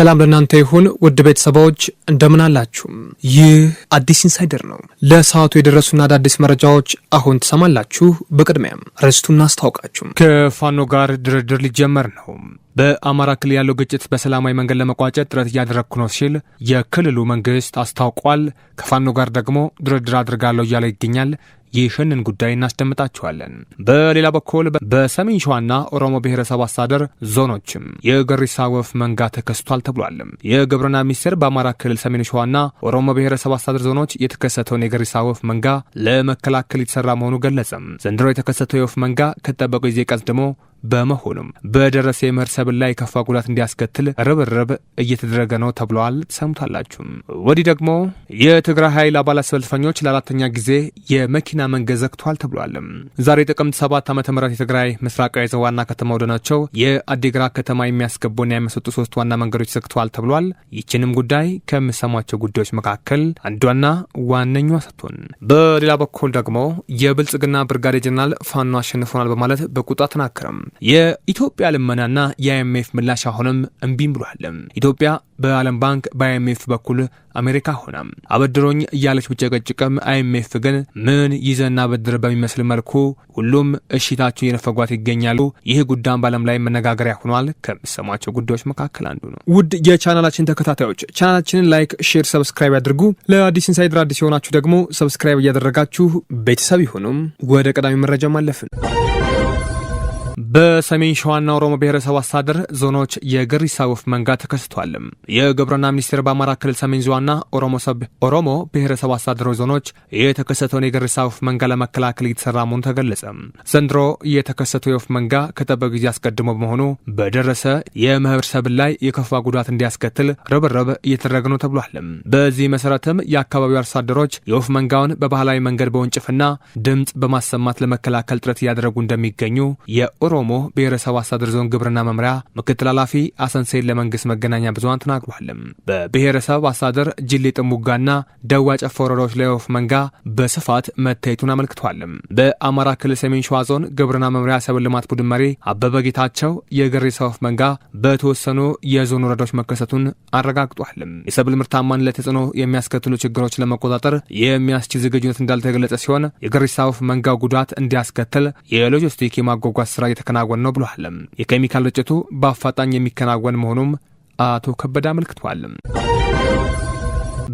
ሰላም ለእናንተ ይሁን ውድ ቤተሰቦች እንደምን አላችሁም? ይህ አዲስ ኢንሳይደር ነው። ለሰዓቱ የደረሱና አዳዲስ መረጃዎች አሁን ትሰማላችሁ። በቅድሚያም ርዕስቱን አስታውቃችሁ ከፋኖ ጋር ድርድር ሊጀመር ነው። በአማራ ክልል ያለው ግጭት በሰላማዊ መንገድ ለመቋጨት ጥረት እያደረግኩ ነው ሲል የክልሉ መንግስት አስታውቋል። ከፋኖ ጋር ደግሞ ድርድር አድርጋለሁ እያለ ይገኛል። ይህንን ጉዳይ እናስደምጣችኋለን። በሌላ በኩል በሰሜን ሸዋና ኦሮሞ ብሔረሰብ አስተዳደር ዞኖችም የገሪሳ ወፍ መንጋ ተከስቷል ተብሏል። የግብርና ሚኒስቴር በአማራ ክልል ሰሜን ሸዋና ኦሮሞ ብሔረሰብ አስተዳደር ዞኖች የተከሰተውን የገሪሳ ወፍ መንጋ ለመከላከል የተሰራ መሆኑ ገለጸም። ዘንድሮ የተከሰተው የወፍ መንጋ ከተጠበቀው ጊዜ ቀስ ደግሞ በመሆኑም በደረሰ የመኸር ሰብል ላይ ከፋ ጉዳት እንዲያስከትል ርብርብ እየተደረገ ነው ተብለዋል። ሰሙታላችሁ። ወዲህ ደግሞ የትግራይ ኃይል አባላት ሰልፈኞች ለአራተኛ ጊዜ የመኪና መንገድ ዘግቷል ተብሏል። ዛሬ ጥቅምት 7 ዓ ም የትግራይ ምስራቃዊ ዘ ዋና ከተማ ናቸው የአዲግራት ከተማ የሚያስገቡና የሚያስወጡ ሶስት ዋና መንገዶች ዘግተዋል ተብሏል። ይችንም ጉዳይ ከምሰሟቸው ጉዳዮች መካከል አንዷና ዋነኛ ሰጥቶን፣ በሌላ በኩል ደግሞ የብልጽግና ብርጋዴ ጀነራል ፋኖ አሸንፎናል በማለት በቁጣ ተናክረም የኢትዮጵያ ልመናና የአይኤምኤፍ ምላሽ አሁንም እምቢም ብሏል። ኢትዮጵያ በዓለም ባንክ በአይኤምኤፍ በኩል አሜሪካ ሆና አበድሮኝ እያለች ብጨቀጭቅም አይኤምኤፍ ግን ምን ይዘና በድር በሚመስል መልኩ ሁሉም እሽታቸው የነፈጓት ይገኛሉ። ይህ ጉዳይ በዓለም ላይ መነጋገሪያ ሆኗል። ከሚሰሟቸው ጉዳዮች መካከል አንዱ ነው። ውድ የቻናላችን ተከታታዮች ቻናላችንን ላይክ፣ ሼር፣ ሰብስክራይብ ያድርጉ። ለአዲስ ኢንሳይደር አዲስ የሆናችሁ ደግሞ ሰብስክራይብ እያደረጋችሁ ቤተሰብ ይሁኑም። ወደ ቀዳሚ ማለፍን አለፍን። በሰሜን ሸዋና ኦሮሞ ብሔረሰብ አስተዳደር ዞኖች የግሪሳ ወፍ መንጋ ተከስቷል። የግብርና ሚኒስቴር በአማራ ክልል ሰሜን ሸዋና ኦሮሞ ብሔረሰብ አስተዳደር ዞኖች የተከሰተውን የግሪሳ ወፍ መንጋ ለመከላከል እየተሰራ መሆኑ ተገለጸ። ዘንድሮ የተከሰተው የወፍ መንጋ ከጠበቅ ጊዜ አስቀድሞ በመሆኑ በደረሰ የማህበረሰብን ላይ የከፋ ጉዳት እንዲያስከትል ርብርብ እየተደረገ ነው ተብሏል። በዚህ መሰረትም የአካባቢው አርሶ አደሮች የወፍ መንጋውን በባህላዊ መንገድ በወንጭፍና ድምፅ በማሰማት ለመከላከል ጥረት እያደረጉ እንደሚገኙ የኦሮሞ ብሔረሰብ አስተዳደር ዞን ግብርና መምሪያ ምክትል ኃላፊ አሰንሴን ለመንግስት መገናኛ ብዙሃን ተናግሯል። በብሔረሰብ አስተዳደር ጅሌ ጥሙጋና ደዋ ጨፋ ወረዳዎች ላይ ወፍ መንጋ በስፋት መታየቱን አመልክቷል። በአማራ ክልል ሰሜን ሸዋ ዞን ግብርና መምሪያ ሰብል ልማት ቡድን መሪ አበበ ጌታቸው የገሬሳ ወፍ መንጋ በተወሰኑ የዞን ወረዳዎች መከሰቱን አረጋግጧል። የሰብል ምርታማነት ተጽዕኖ የሚያስከትሉ ችግሮች ለመቆጣጠር የሚያስችል ዝግጁነት እንዳልተገለጸ ሲሆን የገሬሳ ወፍ መንጋ ጉዳት እንዲያስከትል የሎጂስቲክ የማጓጓዝ ስራ እየተከናወነ ነው ብሏል። የኬሚካል ርጭቱ በአፋጣኝ የሚከናወን መሆኑም አቶ ከበደ አመልክተዋል።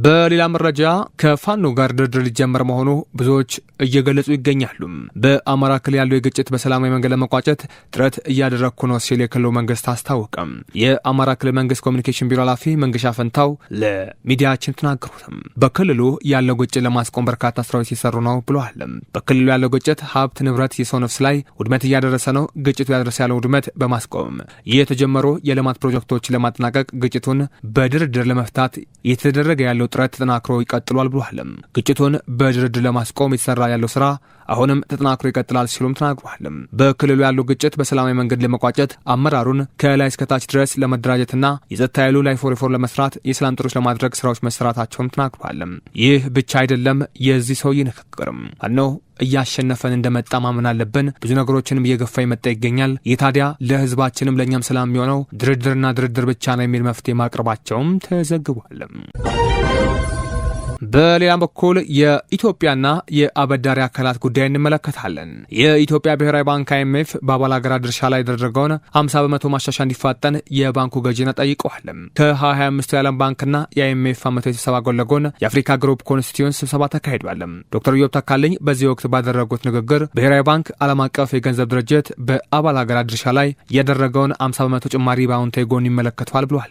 በሌላ መረጃ ከፋኖ ጋር ድርድር ሊጀመር መሆኑ ብዙዎች እየገለጹ ይገኛሉ። በአማራ ክልል ያለው የግጭት በሰላማዊ መንገድ ለመቋጨት ጥረት እያደረግኩ ነው ሲል የክልሉ መንግስት አስታወቀም። የአማራ ክልል መንግስት ኮሚኒኬሽን ቢሮ ኃላፊ መንገሻ ፈንታው ለሚዲያችን ተናገሩትም በክልሉ ያለው ግጭት ለማስቆም በርካታ ስራዎች ሲሰሩ ነው ብለዋል። በክልሉ ያለው ግጭት ሀብት፣ ንብረት፣ የሰው ነፍስ ላይ ውድመት እያደረሰ ነው። ግጭቱ ያደረሰ ያለው ውድመት በማስቆም የተጀመሩ የልማት ፕሮጀክቶች ለማጠናቀቅ ግጭቱን በድርድር ለመፍታት እየተደረገ ያለው ያለው ጥረት ተጠናክሮ ይቀጥሏል ብሏል። ግጭቱን በድርድር ለማስቆም የተሰራ ያለው ስራ አሁንም ተጠናክሮ ይቀጥላል ሲሉም ተናግሯል። በክልሉ ያለው ግጭት በሰላማዊ መንገድ ለመቋጨት አመራሩን ከላይ እስከታች ድረስ ለመደራጀትና የጸጥታ ኃይሉ ላይፎ ለመስራት የሰላም ጥሮች ለማድረግ ስራዎች መሰራታቸውም ተናግሯል። ይህ ብቻ አይደለም። የዚህ ሰው ይንክክርም አነው እያሸነፈን እንደመጣ ማመን አለብን። ብዙ ነገሮችንም እየገፋ ይመጣ ይገኛል። ይህ ታዲያ ለህዝባችንም ለእኛም ሰላም የሚሆነው ድርድርና ድርድር ብቻ ነው የሚል መፍትሄ ማቅረባቸውም ተዘግቧል። በሌላም በኩል የኢትዮጵያና የአበዳሪ አካላት ጉዳይ እንመለከታለን። የኢትዮጵያ ብሔራዊ ባንክ አይኤምኤፍ በአባል ሀገራት ድርሻ ላይ የተደረገውን 50 በመቶ ማሻሻ እንዲፋጠን የባንኩ ገዥና ጠይቀዋል። ከ2025 የዓለም ባንክና የአይኤምኤፍ ዓመታዊ ስብሰባ ጎን ለጎን የአፍሪካ ግሩፕ ኮንስቲትዩንስ ስብሰባ ተካሂዷል። ዶክተር ዮብ ተካልኝ በዚህ ወቅት ባደረጉት ንግግር ብሔራዊ ባንክ ዓለም አቀፍ የገንዘብ ድርጅት በአባል ሀገራት ድርሻ ላይ ያደረገውን 50 በመቶ ጭማሪ በአዎንታዊ ጎን ይመለከተዋል ብሏል።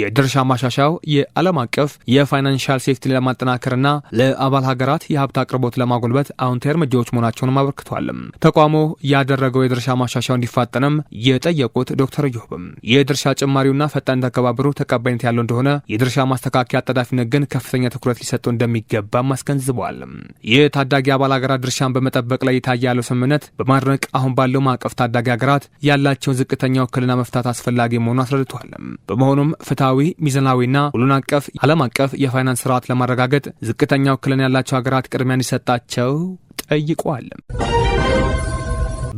የድርሻ ማሻሻው የዓለም አቀፍ የፋይናንሻል ሴፍቲ ለማጠ ለማጠናከርና ለአባል ሀገራት የሀብት አቅርቦት ለማጎልበት አዎንታዊ እርምጃዎች መሆናቸውንም አበርክቷል። ተቋሙ ያደረገው የድርሻ ማሻሻያው እንዲፋጠንም የጠየቁት ዶክተር ዮብም የድርሻ ጭማሪውና ፈጣን ተከባብሩ ተቀባይነት ያለው እንደሆነ የድርሻ ማስተካከያ አጣዳፊነት ግን ከፍተኛ ትኩረት ሊሰጡ እንደሚገባም አስገንዝበዋል። የታዳጊ አባል ሀገራት ድርሻን በመጠበቅ ላይ የታየ ያለው ስምምነት በማድነቅ አሁን ባለው ማዕቀፍ ታዳጊ ሀገራት ያላቸውን ዝቅተኛ ውክልና መፍታት አስፈላጊ መሆኑ አስረድቷል። በመሆኑም ፍትሐዊ ሚዛናዊና ሁሉን አቀፍ ዓለም አቀፍ የፋይናንስ ስርዓት ለማረጋገጥ ለማረጋገጥ ዝቅተኛ ውክልና ያላቸው ሀገራት ቅድሚያ እንዲሰጣቸው ጠይቋል።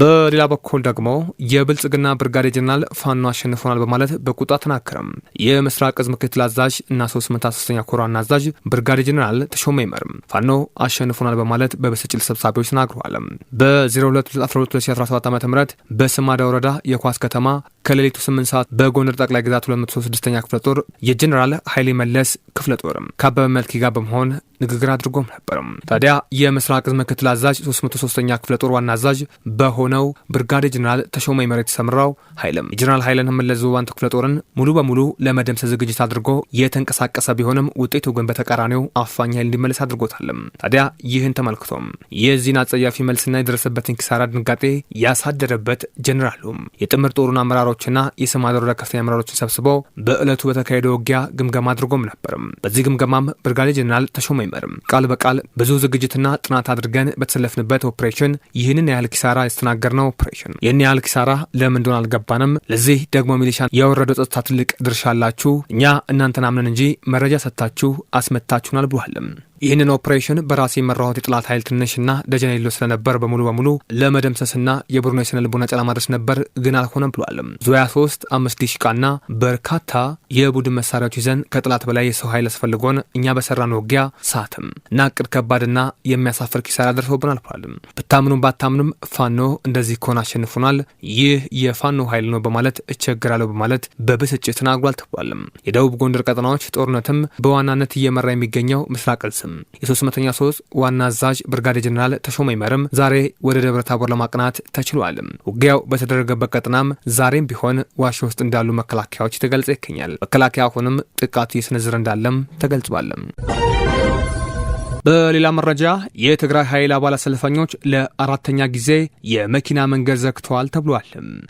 በሌላ በኩል ደግሞ የብልጽግና ብርጋዴ ጀነራል ፋኖ አሸንፎናል በማለት በቁጣ ተናከረም። የምስራቅ ዕዝ ምክትል አዛዥ እና 353ኛ ኮር ዋና አዛዥ ብርጋዴ ጀነራል ተሾመ ይመርም ፋኖ አሸንፎናል በማለት በበስጭል ሰብሳቢዎች ተናግረዋል። በ02122017 ዓ ም በስማዳ ወረዳ የኳስ ከተማ ከሌሊቱ 8 ሰዓት በጎንደር ጠቅላይ ግዛት 236ኛ ክፍለ ጦር የጀኔራል ኃይሌ መለስ ክፍለ ጦርም ከአበበ መልኪ ጋር በመሆን ንግግር አድርጎም ነበርም። ታዲያ የምስራቅ ዕዝ ምክትል አዛዥ 303ኛ ክፍለ ጦር ዋና አዛዥ በሆነው ብርጋዴ ጀኔራል ተሾመ መሬት ሰምራው ኃይልም የጀኔራል ኃይለን መለስ ዘባንቱ ክፍለ ጦርን ሙሉ በሙሉ ለመደምሰስ ዝግጅት አድርጎ የተንቀሳቀሰ ቢሆንም ውጤቱ ግን በተቃራኒው አፋኝ ኃይል እንዲመለስ አድርጎታልም። ታዲያ ይህን ተመልክቶም የዚህን አጸያፊ መልስና የደረሰበትን ኪሳራ ድንጋጤ ያሳደረበት ጀኔራሉም የጥምር ጦሩን አመራሮች አመራሮችና የስም አደር ከፍተኛ አመራሮችን ሰብስቦ በዕለቱ በተካሄደ ውጊያ ግምገማ አድርጎም ነበርም። በዚህ ግምገማም ብርጋዴ ጀኔራል ተሾመ ይመርም ቃል በቃል ብዙ ዝግጅትና ጥናት አድርገን በተሰለፍንበት ኦፕሬሽን ይህንን ያህል ኪሳራ ያስተናገርነው ኦፕሬሽን ይህን ያህል ኪሳራ ለምን እንደሆነ አልገባንም። ለዚህ ደግሞ ሚሊሻ የወረደው ጸጥታ ትልቅ ድርሻ አላችሁ። እኛ እናንተን አምነን እንጂ መረጃ ሰጥታችሁ አስመታችሁናል ብሏልም። ይህንን ኦፕሬሽን በራሴ የመራሁት የጥላት ኃይል ትንሽና ደጀን የሌለው ስለነበር በሙሉ በሙሉ ለመደምሰስና የቡድኑ የስነ ልቦና ጫና ማድረስ ነበር፣ ግን አልሆነም ብሏል። ዙያ 3 አምስት ዲሽቃና በርካታ የቡድን መሳሪያዎች ይዘን ከጥላት በላይ የሰው ኃይል አስፈልጎን እኛ በሰራን ውጊያ ሳትም ናቅድ ከባድና የሚያሳፍር ኪሳራ ደርሶብናል ብሏል። ብታምኑም ባታምኑም ፋኖ እንደዚህ ከሆነ አሸንፉናል፣ ይህ የፋኖ ኃይል ነው በማለት እቸግራለሁ በማለት በብስጭት ተናግሯል ተብሏል። የደቡብ ጎንደር ቀጠናዎች ጦርነትም በዋናነት እየመራ የሚገኘው ምስራቅ እዝ አይመለስም። የሶስት መቶኛ ሶስት ዋና አዛዥ ብርጋዴ ጀኔራል ተሾመ ይመርም ዛሬ ወደ ደብረ ታቦር ለማቅናት ተችሏል። ውጊያው በተደረገበት ቀጥናም ዛሬም ቢሆን ዋሻ ውስጥ እንዳሉ መከላከያዎች ተገልጸ ይገኛል። መከላከያ አሁንም ጥቃቱ እየሰነዘረ እንዳለም ተገልጿል። በሌላ መረጃ የትግራይ ኃይል አባል አሰልፈኞች ለአራተኛ ጊዜ የመኪና መንገድ ዘግተዋል ተብሏል።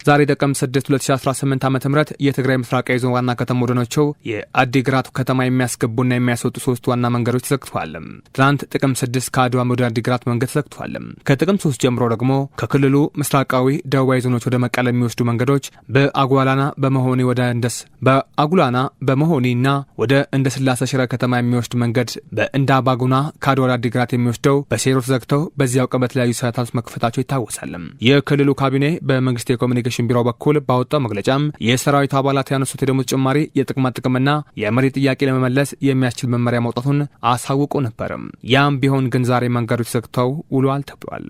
ዛሬ ጥቅምት 6 2018 ዓ ም የትግራይ ምስራቃዊ ዞን ዋና ከተማ ወደነቸው የአዲግራት ከተማ የሚያስገቡና የሚያስወጡ ሶስት ዋና መንገዶች ተዘግተዋል። ትናንት ጥቅምት 6 ከአድዋ ወደ አዲግራት መንገድ ተዘግተዋል። ከጥቅምት 3 ጀምሮ ደግሞ ከክልሉ ምስራቃዊ ደቡባዊ ዞኖች ወደ መቀለ የሚወስዱ መንገዶች በአጓላና በመሆኒ ወደ እንደስ በአጉላና በመሆኒና ወደ እንደ ስላሴ ሽረ ከተማ የሚወስድ መንገድ በእንዳ ባጉና ከአድዋ አዲግራት የሚወስደው በሴሮት ዘግተው በዚያው ቀን በተለያዩ ሰዓታት መክፈታቸው ይታወሳል። የክልሉ ካቢኔ በመንግስት የኮሚኒኬሽን ቢሮ በኩል ባወጣው መግለጫም የሰራዊቱ አባላት ያነሱት የደሞዝ ጭማሪ የጥቅማ ጥቅምና የመሬት ጥያቄ ለመመለስ የሚያስችል መመሪያ መውጣቱን አሳውቆ ነበርም። ያም ቢሆን ግን ዛሬ መንገዶች ዘግተው ውሏል ተብሏል።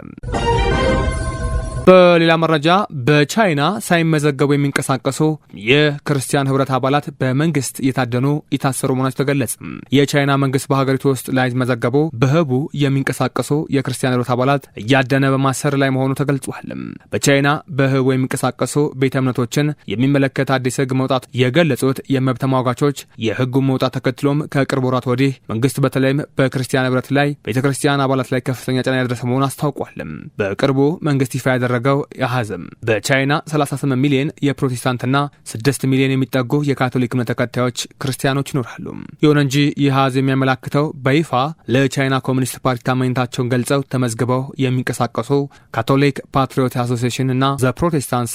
በሌላ መረጃ በቻይና ሳይመዘገቡ የሚንቀሳቀሱ የክርስቲያን ህብረት አባላት በመንግስት እየታደኑ የታሰሩ መሆናቸው ተገለጸ። የቻይና መንግስት በሀገሪቱ ውስጥ ላይመዘገቡ በህቡ የሚንቀሳቀሱ የክርስቲያን ህብረት አባላት እያደነ በማሰር ላይ መሆኑ ተገልጿል። በቻይና በህቡ የሚንቀሳቀሱ ቤተ እምነቶችን የሚመለከት አዲስ ህግ መውጣት የገለጹት የመብት ተሟጋቾች የህጉን መውጣት ተከትሎም ከቅርብ ወራት ወዲህ መንግስት በተለይም በክርስቲያን ህብረት ላይ ቤተ ክርስቲያን አባላት ላይ ከፍተኛ ጫና ያደረሰ መሆኑ አስታውቋል። በቅርቡ መንግስት ይፋ ያደረ ያደረገው አሃዝም በቻይና 38 ሚሊዮን የፕሮቴስታንትና 6 ሚሊዮን የሚጠጉ የካቶሊክ እምነት ተከታዮች ክርስቲያኖች ይኖራሉ። ይሁን እንጂ ይህ አሃዝ የሚያመላክተው በይፋ ለቻይና ኮሚኒስት ፓርቲ ታማኝነታቸውን ገልጸው ተመዝግበው የሚንቀሳቀሱ ካቶሊክ ፓትሪዮት አሶሲሽን እና ዘ ፕሮቴስታንት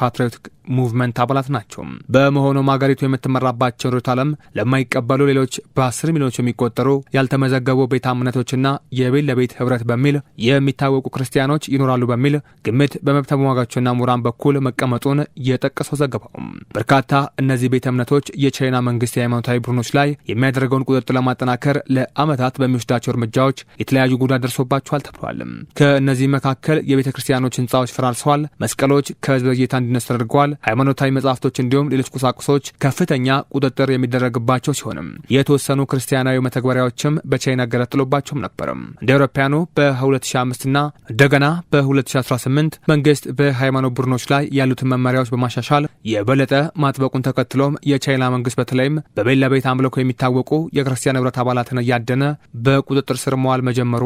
ፓትሪዮቲክ ሙቭመንት አባላት ናቸው። በመሆኑም ሀገሪቱ የምትመራባቸው ሩት ዓለም ለማይቀበሉ ሌሎች በአስር ሚሊዮኖች የሚቆጠሩ ያልተመዘገቡ ቤተ እምነቶችና የቤት ለቤት ህብረት በሚል የሚታወቁ ክርስቲያኖች ይኖራሉ በሚል ግምት በመብት ተሟጋቾችና ምሁራን በኩል መቀመጡን የጠቀሰው ዘገባው በርካታ እነዚህ ቤተ እምነቶች የቻይና መንግስት የሃይማኖታዊ ቡድኖች ላይ የሚያደርገውን ቁጥጥር ለማጠናከር ለአመታት በሚወስዳቸው እርምጃዎች የተለያዩ ጉዳት ደርሶባቸዋል ተብሏል። ከእነዚህ መካከል የቤተ ክርስቲያኖች ህንፃዎች ፈራርሰዋል፣ መስቀሎች ከህዝብ እይታ አንድነት ተደርጓል። ሃይማኖታዊ መጽሐፍቶች እንዲሁም ሌሎች ቁሳቁሶች ከፍተኛ ቁጥጥር የሚደረግባቸው ሲሆንም የተወሰኑ ክርስቲያናዊ መተግበሪያዎችም በቻይና ገለጥ ጥሎባቸውም ነበርም። እንደ አውሮፓውያኑ በ2005 እና እንደገና በ2018 መንግስት በሃይማኖት ቡድኖች ላይ ያሉትን መመሪያዎች በማሻሻል የበለጠ ማጥበቁን ተከትሎም የቻይና መንግስት በተለይም በቤላ ቤት አምልኮ የሚታወቁ የክርስቲያን ህብረት አባላትን እያደነ በቁጥጥር ስር መዋል መጀመሩ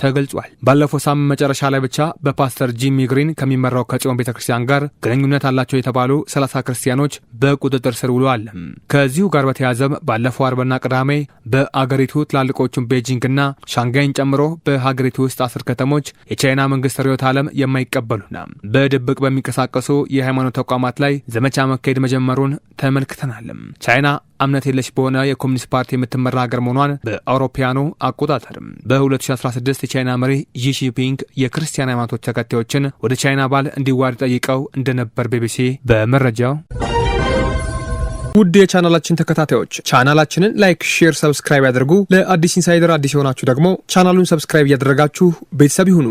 ተገልጿል። ባለፈው ሳምንት መጨረሻ ላይ ብቻ በፓስተር ጂሚ ግሪን ከሚመራው ከጽዮን ቤተ ክርስቲያን ጋር ግንኙነት አላቸው የተባሉ 30 ክርስቲያኖች በቁጥጥር ስር ውለዋል። ከዚሁ ጋር በተያያዘም ባለፈው አርብና ቅዳሜ በአገሪቱ ትላልቆቹን ቤጂንግና ሻንጋይን ጨምሮ በሀገሪቱ ውስጥ አስር ከተሞች የቻይና መንግስት ርዕዮተ ዓለም የማይቀበሉና በድብቅ በሚንቀሳቀሱ የሃይማኖት ተቋማት ላይ ዘመቻ መካሄድ መጀመሩን ተመልክተናል። ቻይና እምነት የለሽ በሆነ የኮሚኒስት ፓርቲ የምትመራ ሀገር መሆኗን በአውሮፓያኑ አቆጣጠርም በ2016 የቻይና መሪ ዢጂፒንግ የክርስቲያን ሃይማኖቶች ተከታዮችን ወደ ቻይና ባል እንዲዋድ ጠይቀው እንደነበር ቢቢሲ በመረጃው ውድ የቻናላችን ተከታታዮች ቻናላችንን ላይክ፣ ሼር፣ ሰብስክራይብ ያድርጉ። ለአዲስ ኢንሳይደር አዲስ የሆናችሁ ደግሞ ቻናሉን ሰብስክራይብ እያደረጋችሁ ቤተሰብ ይሁኑ።